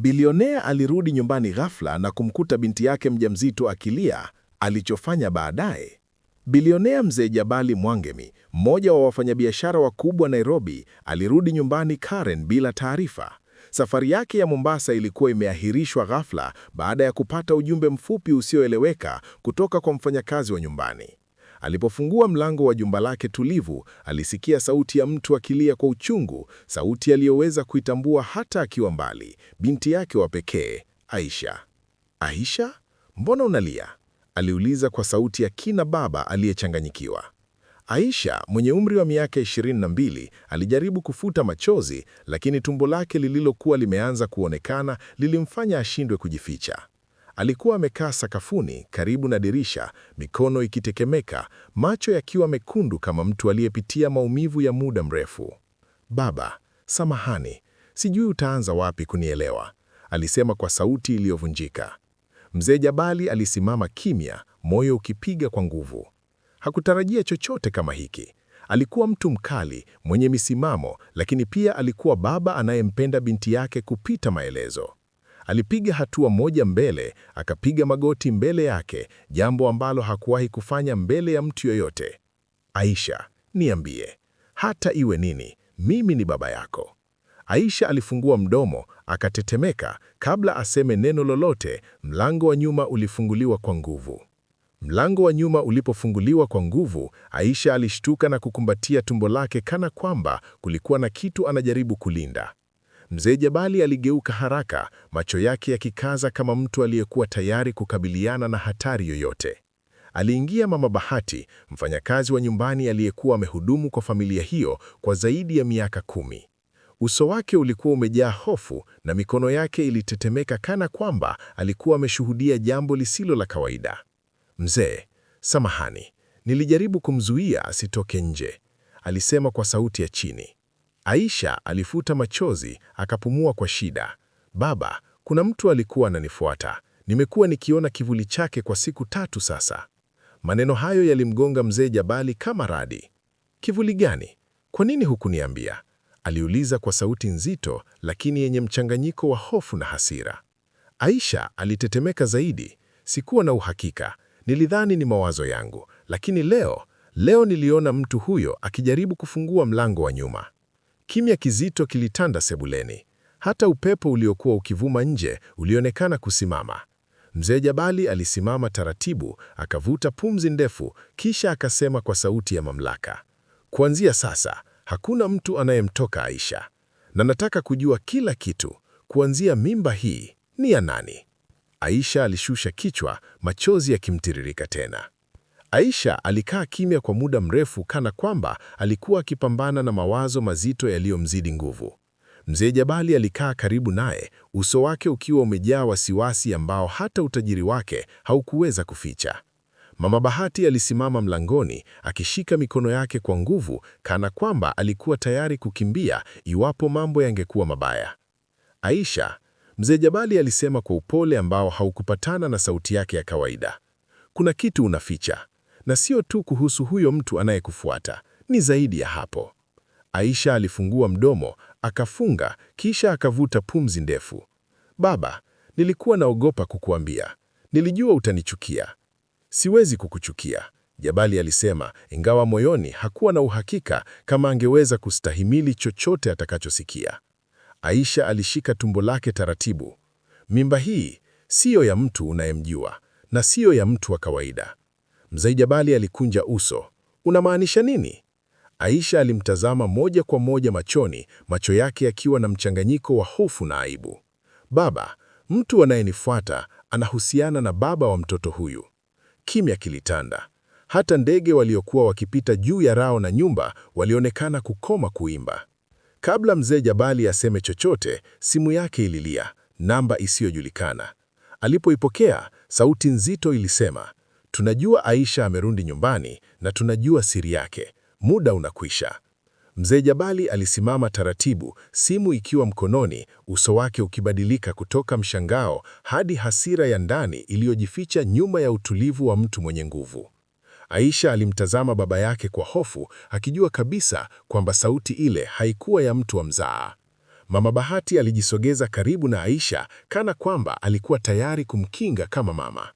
Bilionea alirudi nyumbani ghafla na kumkuta binti yake mjamzito akilia. Alichofanya baadaye, bilionea mzee Jabali Mwangemi, mmoja wa wafanyabiashara wakubwa Nairobi, alirudi nyumbani Karen bila taarifa. Safari yake ya Mombasa ilikuwa imeahirishwa ghafla baada ya kupata ujumbe mfupi usioeleweka kutoka kwa mfanyakazi wa nyumbani. Alipofungua mlango wa jumba lake tulivu, alisikia sauti ya mtu akilia kwa uchungu, sauti aliyoweza kuitambua hata akiwa mbali, binti yake wa pekee, Aisha. Aisha, mbona unalia? aliuliza kwa sauti ya kina baba aliyechanganyikiwa. Aisha mwenye umri wa miaka 22 alijaribu kufuta machozi, lakini tumbo lake lililokuwa limeanza kuonekana lilimfanya ashindwe kujificha. Alikuwa amekaa sakafuni karibu na dirisha, mikono ikitekemeka, macho yakiwa mekundu kama mtu aliyepitia maumivu ya muda mrefu. Baba, samahani, sijui utaanza wapi kunielewa, alisema kwa sauti iliyovunjika. Mzee Jabali alisimama kimya, moyo ukipiga kwa nguvu. Hakutarajia chochote kama hiki. Alikuwa mtu mkali, mwenye misimamo, lakini pia alikuwa baba anayempenda binti yake kupita maelezo. Alipiga hatua moja mbele, akapiga magoti mbele yake, jambo ambalo hakuwahi kufanya mbele ya mtu yoyote. Aisha, niambie, hata iwe nini, mimi ni baba yako. Aisha alifungua mdomo, akatetemeka. Kabla aseme neno lolote, mlango wa nyuma ulifunguliwa kwa nguvu. Mlango wa nyuma ulipofunguliwa kwa nguvu, Aisha alishtuka na kukumbatia tumbo lake kana kwamba kulikuwa na kitu anajaribu kulinda. Mzee Jabali aligeuka haraka, macho yake yakikaza kama mtu aliyekuwa tayari kukabiliana na hatari yoyote. Aliingia Mama Bahati, mfanyakazi wa nyumbani aliyekuwa amehudumu kwa familia hiyo kwa zaidi ya miaka kumi. Uso wake ulikuwa umejaa hofu na mikono yake ilitetemeka kana kwamba alikuwa ameshuhudia jambo lisilo la kawaida. Mzee, samahani, nilijaribu kumzuia asitoke nje, alisema kwa sauti ya chini. Aisha alifuta machozi, akapumua kwa shida. Baba, kuna mtu alikuwa ananifuata. Nimekuwa nikiona kivuli chake kwa siku tatu sasa. Maneno hayo yalimgonga mzee Jabali kama radi. Kivuli gani? Kwa nini hukuniambia? Aliuliza kwa sauti nzito lakini yenye mchanganyiko wa hofu na hasira. Aisha alitetemeka zaidi. Sikuwa na uhakika, nilidhani ni mawazo yangu, lakini leo, leo niliona mtu huyo akijaribu kufungua mlango wa nyuma. Kimya kizito kilitanda sebuleni. Hata upepo uliokuwa ukivuma nje ulionekana kusimama. Mzee Jabali alisimama taratibu, akavuta pumzi ndefu, kisha akasema kwa sauti ya mamlaka, kuanzia sasa hakuna mtu anayemtoka Aisha, na nataka kujua kila kitu, kuanzia mimba hii ni ya nani? Aisha alishusha kichwa, machozi yakimtiririka tena. Aisha alikaa kimya kwa muda mrefu, kana kwamba alikuwa akipambana na mawazo mazito yaliyomzidi nguvu. Mzee Jabali alikaa karibu naye, uso wake ukiwa umejaa wasiwasi ambao hata utajiri wake haukuweza kuficha. Mama Bahati alisimama mlangoni akishika mikono yake kwa nguvu, kana kwamba alikuwa tayari kukimbia iwapo mambo yangekuwa mabaya. Aisha, Mzee Jabali alisema kwa upole ambao haukupatana na sauti yake ya kawaida, kuna kitu unaficha na sio tu kuhusu huyo mtu anayekufuata, ni zaidi ya hapo. Aisha alifungua mdomo, akafunga, kisha akavuta pumzi ndefu. Baba, nilikuwa naogopa kukuambia. Nilijua utanichukia. Siwezi kukuchukia, Jabali alisema, ingawa moyoni hakuwa na uhakika kama angeweza kustahimili chochote atakachosikia. Aisha alishika tumbo lake taratibu. Mimba hii siyo ya mtu unayemjua na siyo ya mtu wa kawaida. Mzee Jabali alikunja uso. Unamaanisha nini? Aisha alimtazama moja kwa moja machoni, macho yake yakiwa na mchanganyiko wa hofu na aibu. Baba, mtu anayenifuata anahusiana na baba wa mtoto huyu. Kimya kilitanda. Hata ndege waliokuwa wakipita juu ya rao na nyumba walionekana kukoma kuimba. Kabla mzee Jabali aseme chochote, simu yake ililia, namba isiyojulikana. Alipoipokea, sauti nzito ilisema, Tunajua Aisha amerudi nyumbani na tunajua siri yake. Muda unakwisha. Mzee Jabali alisimama taratibu, simu ikiwa mkononi, uso wake ukibadilika kutoka mshangao hadi hasira ya ndani iliyojificha nyuma ya utulivu wa mtu mwenye nguvu. Aisha alimtazama baba yake kwa hofu, akijua kabisa kwamba sauti ile haikuwa ya mtu wa mzaa Mama Bahati alijisogeza karibu na Aisha kana kwamba alikuwa tayari kumkinga kama mama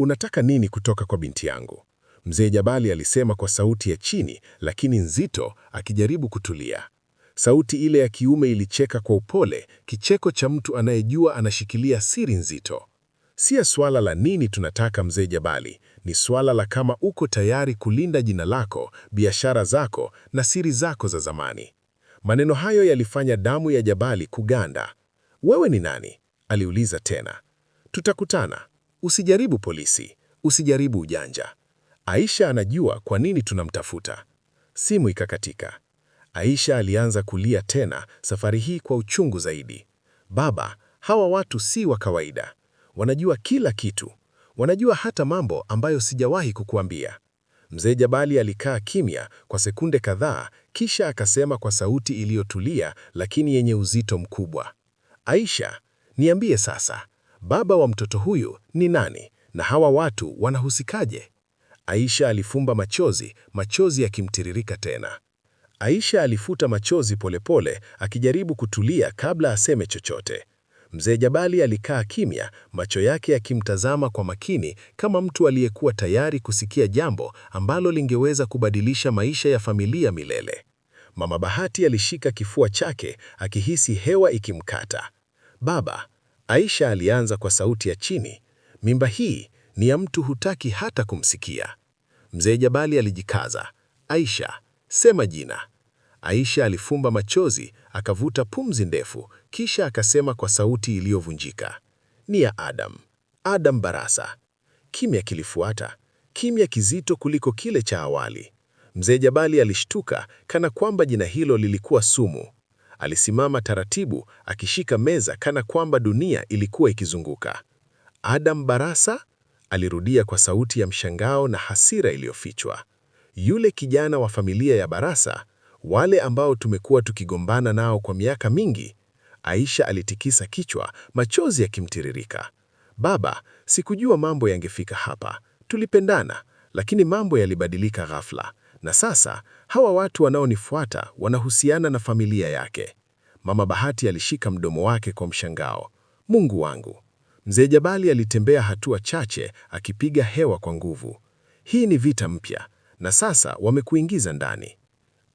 unataka nini kutoka kwa binti yangu? Mzee Jabali alisema kwa sauti ya chini lakini nzito, akijaribu kutulia. Sauti ile ya kiume ilicheka kwa upole, kicheko cha mtu anayejua anashikilia siri nzito. Siya swala la nini tunataka, Mzee Jabali, ni swala la kama uko tayari kulinda jina lako, biashara zako na siri zako za zamani. Maneno hayo yalifanya damu ya Jabali kuganda. Wewe ni nani? aliuliza tena. Tutakutana, Usijaribu polisi, usijaribu ujanja. Aisha anajua kwa nini tunamtafuta. Simu ikakatika. Aisha alianza kulia tena, safari hii kwa uchungu zaidi. Baba, hawa watu si wa kawaida. Wanajua kila kitu. Wanajua hata mambo ambayo sijawahi kukuambia. Mzee Jabali alikaa kimya kwa sekunde kadhaa, kisha akasema kwa sauti iliyotulia lakini yenye uzito mkubwa, Aisha, niambie sasa, baba wa mtoto huyu ni nani na hawa watu wanahusikaje? Aisha alifumba machozi, machozi yakimtiririka tena. Aisha alifuta machozi polepole pole, akijaribu kutulia kabla aseme chochote. Mzee Jabali alikaa kimya, macho yake yakimtazama kwa makini kama mtu aliyekuwa tayari kusikia jambo ambalo lingeweza kubadilisha maisha ya familia milele. Mama Bahati alishika kifua chake akihisi hewa ikimkata. Baba, Aisha alianza kwa sauti ya chini, mimba hii ni ya mtu hutaki hata kumsikia. Mzee Jabali alijikaza, Aisha, sema jina. Aisha alifumba machozi, akavuta pumzi ndefu, kisha akasema kwa sauti iliyovunjika, ni ya Adam, Adam Barasa. Kimya kilifuata, kimya kizito kuliko kile cha awali. Mzee Jabali alishtuka kana kwamba jina hilo lilikuwa sumu. Alisimama taratibu akishika meza kana kwamba dunia ilikuwa ikizunguka. Adam Barasa? Alirudia kwa sauti ya mshangao na hasira iliyofichwa. Yule kijana wa familia ya Barasa, wale ambao tumekuwa tukigombana nao kwa miaka mingi. Aisha alitikisa kichwa, machozi yakimtiririka. Baba, sikujua mambo yangefika hapa. Tulipendana, lakini mambo yalibadilika ghafla. Na sasa hawa watu wanaonifuata wanahusiana na familia yake. Mama Bahati alishika mdomo wake kwa mshangao. Mungu wangu! Mzee Jabali alitembea hatua chache akipiga hewa kwa nguvu. Hii ni vita mpya, na sasa wamekuingiza ndani.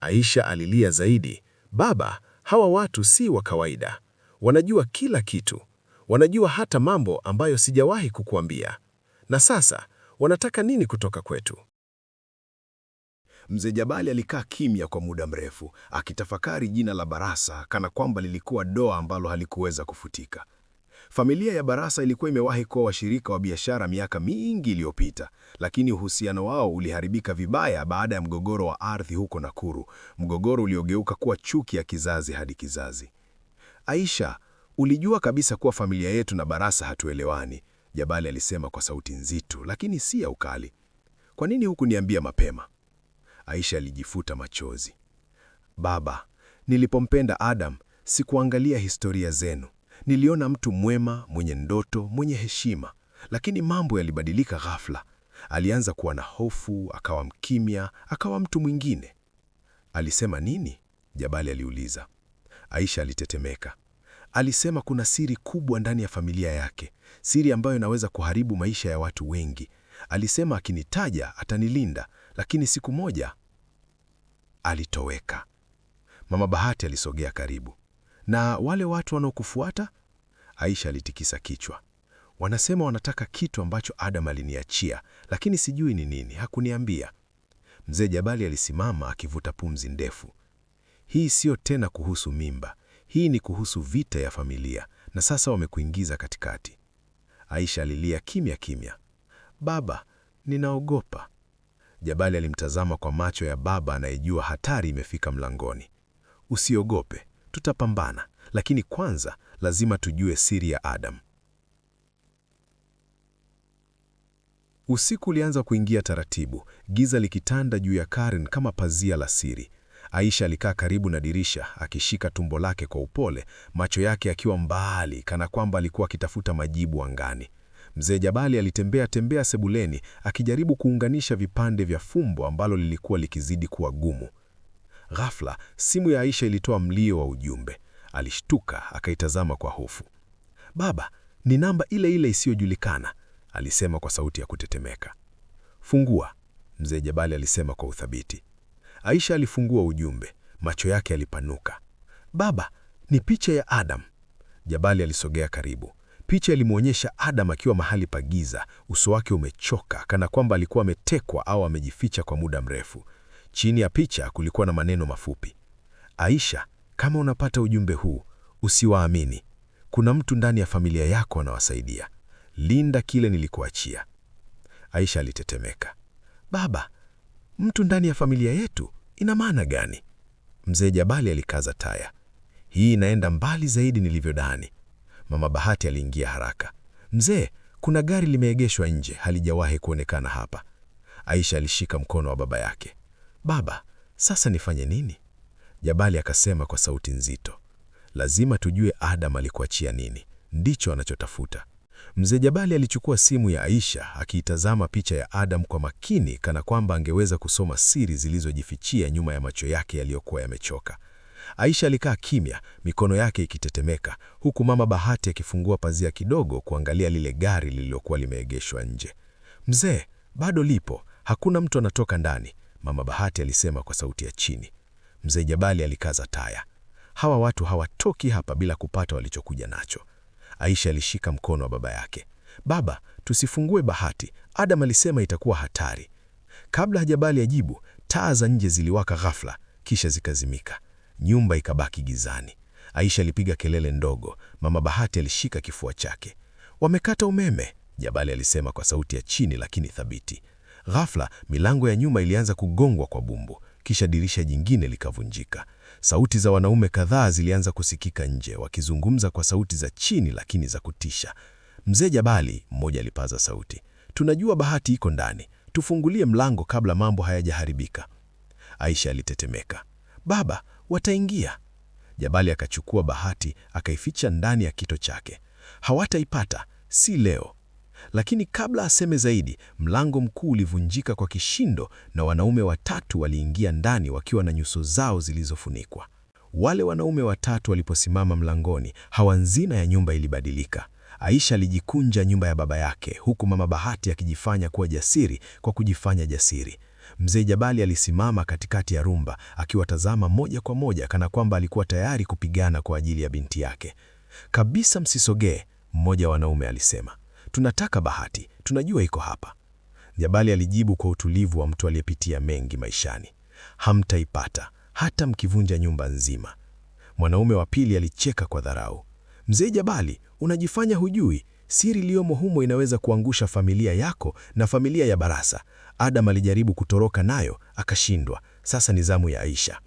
Aisha alilia zaidi. Baba, hawa watu si wa kawaida. Wanajua kila kitu. Wanajua hata mambo ambayo sijawahi kukuambia. Na sasa wanataka nini kutoka kwetu? Mzee Jabali alikaa kimya kwa muda mrefu akitafakari jina la Barasa kana kwamba lilikuwa doa ambalo halikuweza kufutika. Familia ya Barasa ilikuwa imewahi kuwa washirika wa biashara miaka mingi iliyopita, lakini uhusiano wao uliharibika vibaya baada ya mgogoro wa ardhi huko Nakuru, mgogoro uliogeuka kuwa chuki ya kizazi hadi kizazi. Aisha, ulijua kabisa kuwa familia yetu na Barasa hatuelewani, Jabali alisema kwa sauti nzito, lakini si ya ukali. Kwa nini hukuniambia mapema? Aisha alijifuta machozi. Baba, nilipompenda Adam sikuangalia historia zenu. Niliona mtu mwema, mwenye ndoto, mwenye heshima, lakini mambo yalibadilika ghafla. Alianza kuwa na hofu, akawa mkimya, akawa mtu mwingine. Alisema nini? Jabali aliuliza. Aisha alitetemeka. Alisema kuna siri kubwa ndani ya familia yake, siri ambayo inaweza kuharibu maisha ya watu wengi. Alisema akinitaja atanilinda, lakini siku moja alitoweka. Mama Bahati alisogea karibu. Na wale watu wanaokufuata? Aisha alitikisa kichwa. Wanasema wanataka kitu ambacho Adam aliniachia, lakini sijui ni nini, hakuniambia. Mzee Jabali alisimama akivuta pumzi ndefu. Hii sio tena kuhusu mimba, hii ni kuhusu vita ya familia, na sasa wamekuingiza katikati. Aisha alilia kimya kimya, baba, ninaogopa. Jabali alimtazama kwa macho ya baba anayejua hatari imefika mlangoni. Usiogope, tutapambana, lakini kwanza lazima tujue siri ya Adam. Usiku ulianza kuingia taratibu, giza likitanda juu ya Karen kama pazia la siri. Aisha alikaa karibu na dirisha akishika tumbo lake kwa upole, macho yake akiwa mbali, kana kwamba alikuwa akitafuta majibu angani. Mzee Jabali alitembea tembea sebuleni akijaribu kuunganisha vipande vya fumbo ambalo lilikuwa likizidi kuwa gumu. Ghafla simu ya Aisha ilitoa mlio wa ujumbe. Alishtuka akaitazama kwa hofu. Baba, ni namba ile ile isiyojulikana, alisema kwa sauti ya kutetemeka. Fungua, mzee Jabali alisema kwa uthabiti. Aisha alifungua ujumbe, macho yake yalipanuka. Baba, ni picha ya Adam. Jabali alisogea karibu. Picha ilimwonyesha Adam akiwa mahali pa giza, uso wake umechoka, kana kwamba alikuwa ametekwa au amejificha kwa muda mrefu. Chini ya picha kulikuwa na maneno mafupi: Aisha, kama unapata ujumbe huu, usiwaamini. Kuna mtu ndani ya familia yako anawasaidia. Linda kile nilikuachia. Aisha alitetemeka. Baba, mtu ndani ya familia yetu ina maana gani? Mzee Jabali alikaza taya. Hii inaenda mbali zaidi nilivyodhani. Mama Bahati aliingia haraka. Mzee, kuna gari limeegeshwa nje, halijawahi kuonekana hapa. Aisha alishika mkono wa baba yake. Baba, sasa nifanye nini? Jabali akasema kwa sauti nzito, lazima tujue Adam alikuachia nini, ndicho anachotafuta. Mzee Jabali alichukua simu ya Aisha akiitazama picha ya Adam kwa makini, kana kwamba angeweza kusoma siri zilizojifichia nyuma ya macho yake yaliyokuwa yamechoka. Aisha alikaa kimya, mikono yake ikitetemeka, huku mama Bahati akifungua pazia kidogo kuangalia lile gari lililokuwa limeegeshwa nje. Mzee, bado lipo, hakuna mtu anatoka ndani, mama Bahati alisema kwa sauti ya chini. Mzee Jabali alikaza taya. Hawa watu hawatoki hapa bila kupata walichokuja nacho. Aisha alishika mkono wa baba yake. Baba, tusifungue Bahati, Adam alisema itakuwa hatari. Kabla Jabali ajibu, taa za nje ziliwaka ghafla, kisha zikazimika. Nyumba ikabaki gizani. Aisha alipiga kelele ndogo, mama Bahati alishika kifua chake. Wamekata umeme, Jabali alisema kwa sauti ya chini lakini thabiti. Ghafla milango ya nyuma ilianza kugongwa kwa bumbu, kisha dirisha jingine likavunjika. Sauti za wanaume kadhaa zilianza kusikika nje, wakizungumza kwa sauti za chini lakini za kutisha. Mzee Jabali, mmoja alipaza sauti, tunajua Bahati iko ndani, tufungulie mlango kabla mambo hayajaharibika. Aisha alitetemeka. Baba, wataingia. Jabali akachukua bahati akaificha ndani ya kito chake. Hawataipata, si leo. Lakini kabla aseme zaidi, mlango mkuu ulivunjika kwa kishindo na wanaume watatu waliingia ndani wakiwa na nyuso zao zilizofunikwa. Wale wanaume watatu waliposimama mlangoni, hawanzina ya nyumba ilibadilika. Aisha alijikunja nyumba ya baba yake, huku mama Bahati akijifanya kuwa jasiri kwa kujifanya jasiri. Mzee Jabali alisimama katikati ya rumba akiwatazama moja kwa moja, kana kwamba alikuwa tayari kupigana kwa ajili ya binti yake. Kabisa, msisogee, mmoja wa wanaume alisema. Tunataka bahati, tunajua iko hapa. Jabali alijibu kwa utulivu wa mtu aliyepitia mengi maishani, hamtaipata hata mkivunja nyumba nzima. Mwanaume wa pili alicheka kwa dharau. Mzee Jabali, unajifanya hujui siri iliyomo humo inaweza kuangusha familia yako na familia ya Barasa. Adam alijaribu kutoroka nayo akashindwa. Sasa ni zamu ya Aisha.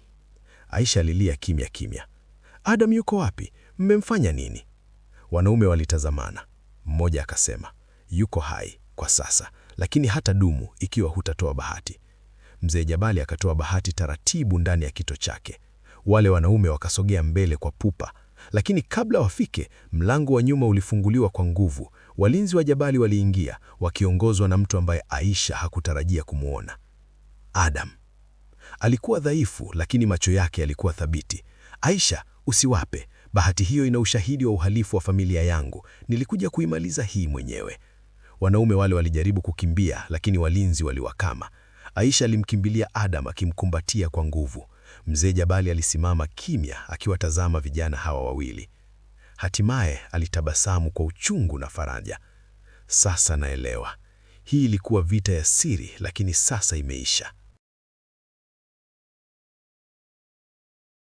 Aisha alilia kimya kimya. Adam yuko wapi? Mmemfanya nini? Wanaume walitazamana. Mmoja akasema, yuko hai kwa sasa, lakini hata dumu ikiwa hutatoa bahati. Mzee Jabali akatoa bahati taratibu ndani ya kito chake. Wale wanaume wakasogea mbele kwa pupa, lakini kabla wafike, mlango wa nyuma ulifunguliwa kwa nguvu Walinzi wa jabali waliingia wakiongozwa na mtu ambaye Aisha hakutarajia kumwona. Adam alikuwa dhaifu, lakini macho yake yalikuwa thabiti. Aisha, usiwape bahati hiyo, ina ushahidi wa uhalifu wa familia yangu, nilikuja kuimaliza hii mwenyewe. Wanaume wale walijaribu kukimbia, lakini walinzi waliwakama. Aisha alimkimbilia Adam akimkumbatia kwa nguvu. Mzee Jabali alisimama kimya akiwatazama vijana hawa wawili. Hatimaye alitabasamu kwa uchungu na faraja. Sasa naelewa. Hii ilikuwa vita ya siri, lakini sasa imeisha.